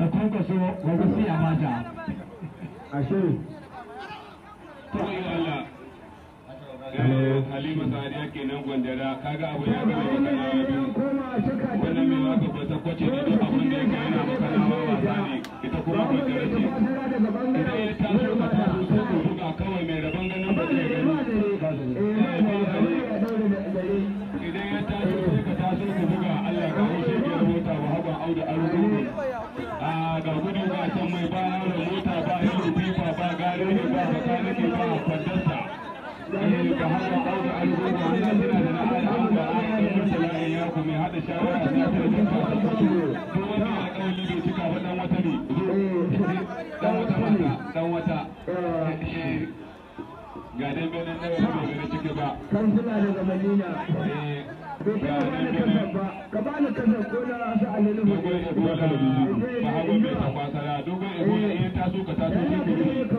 da kaso wa wasu ya mata ashe eh. Halima Sadiya kenan gwandara kaga abu ya gaba ya biyu wannan mai waka kwata kwace ne duk abin da yake yana makanawa wasa ne ita kuma gwandara ce ita ya taso ka taso sai ku buga kawai mai rabon ganin ba zai gani ke ba tsakanin ke ba kwantarsa eh ga haka auda al'umma wannan da na ala auda ya hada ta ta ta wani bai cika wata bai ciki ba kasar ko na rasa alilin ba dogon ebola ba hagu mai takwasara dogon ebola in ta ka taso shi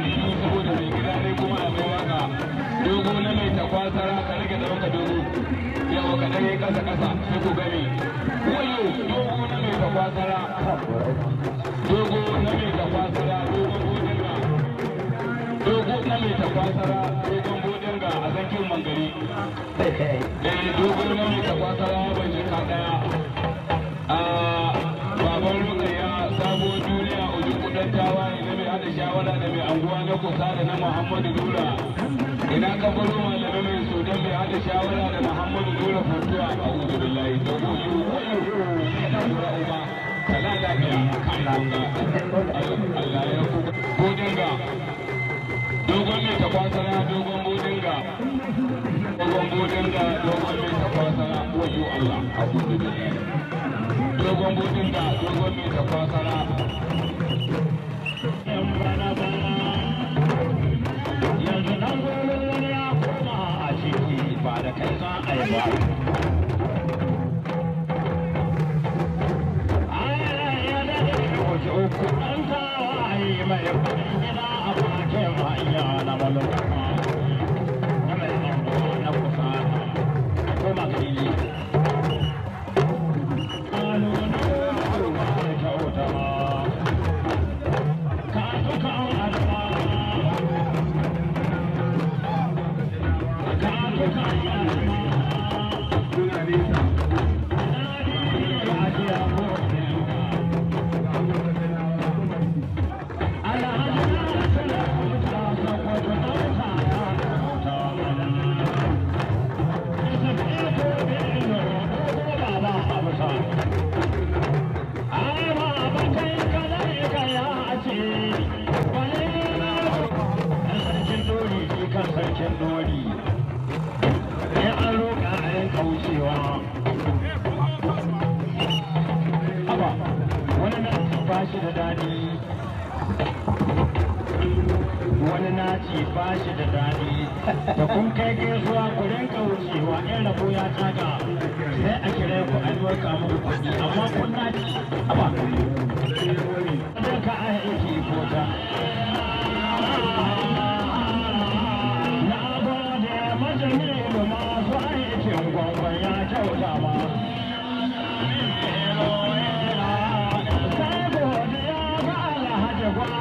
ɗari saboda mai gida ne kuma a kai waka dogo na mai takwasara ka rage da maka dogo yawa ka ɗaya ƙasa ƙasa sai ku gani dogo na mai dogo na mai takwasara dogon godin ga dogo na mai godin ga a mangari dogo na mai yan tawaye na mai hada shawara da mai anguwa na kusa da na muhammadu dura ina ka gudu malamai mai su don mai hada shawara da muhammadu dura fatuwa a uzu billahi da yi gudu dura uba kala lafiya kan kunga allah ya kuka godin ga dogon mai takwasara dogon godin ga dogon godin ga dogon mai takwasara wayo allah a gudu billahi dogon godin ga dogon mai takwasara Hey, yawa wani na bashi da daɗi wani na da daɗi da kun kai gaisuwa ku rinka wucewa in rabo ya taka sai a kira ku an warka muku kuɗi amma kun na ci a ba ka aiki ko ta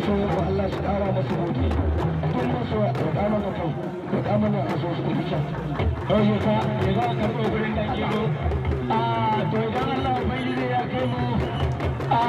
masoyin ku Allah shi ƙara musu buɗe duk wa roƙa mana kyau roƙa mana a so su kuɗi kyau ɗauke ka ya za a karɓo gurin da ke zo a to idan Allah bai ubangiji ya kai mu a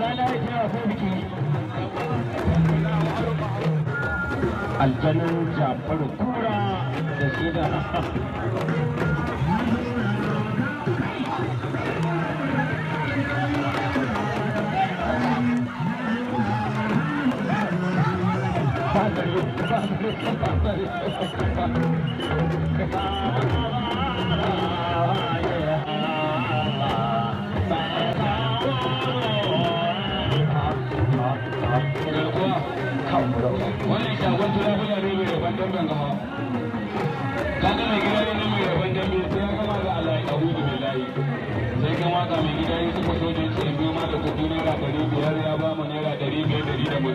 rana ya ce ko biki aljanin jabar kura da shi da Thank you.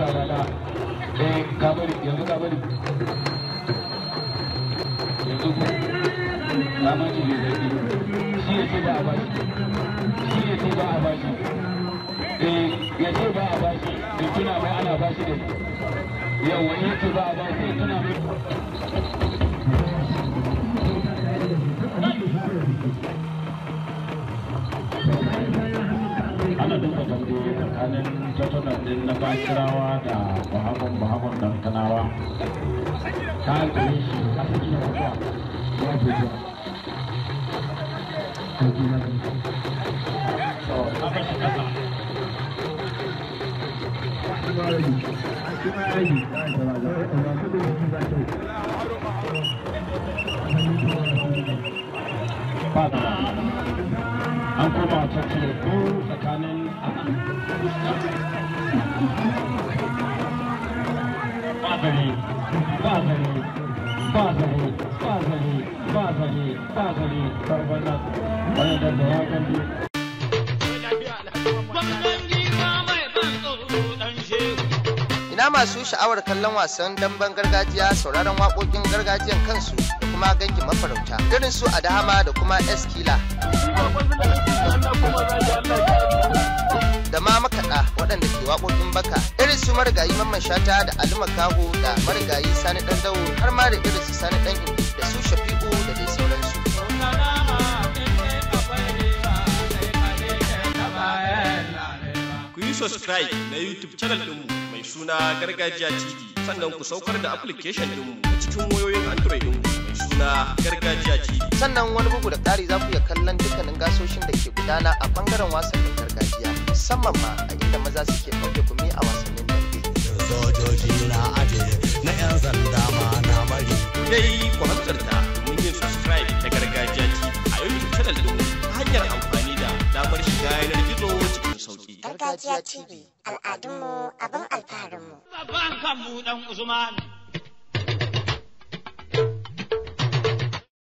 sa rana eh ka bari yanzu ka bari yanzu ku rama ne mai daɗi shi ya ce ba a bashi shi ya ce ba a bashi eh ya ce ba a bashi da tuna mai ana bashi da yawa ya ce ba a bashi da tuna mai tsakanin tatunan din na bakirawa da bahagon bahagon dan kanawa ta gare shi a ya na An koma ina masu sha'awar kallon wasan damben gargajiya sauraron waƙoƙin gargajiyan kansu da kuma ganki mafarauta irin su dama da kuma eskila da ma makaɗa waɗanda ke waƙoƙin baka irin su marigayi mamman shata da ali makaho da marigayi sani ɗan dawo har ma da irin su sani ɗan da su shafiƙo da dai sauransu ku yi subscribe na youtube channel ɗinmu mai suna gargajiya tv sannan ku saukar da application din a cikin wayoyin Android din suna Gargajiya TV. Sannan wani bugu da ƙari za ku iya kallon dukkanin gasoshin da ke gudana a bangaren wasannin gargajiya musamman ma a inda maza suke ɗauke kumi a wasannin dambe. Sojoji na aje na 'yan zanda ma na bari. Dai ku hanzarta mun yin subscribe na Gargajiya TV a yau channel ɗin hanyar amfani da damar shiga yanar gizo sauki. Gargajiya TV al'adunmu abin alfaharinmu. Babban kanmu dan Usman.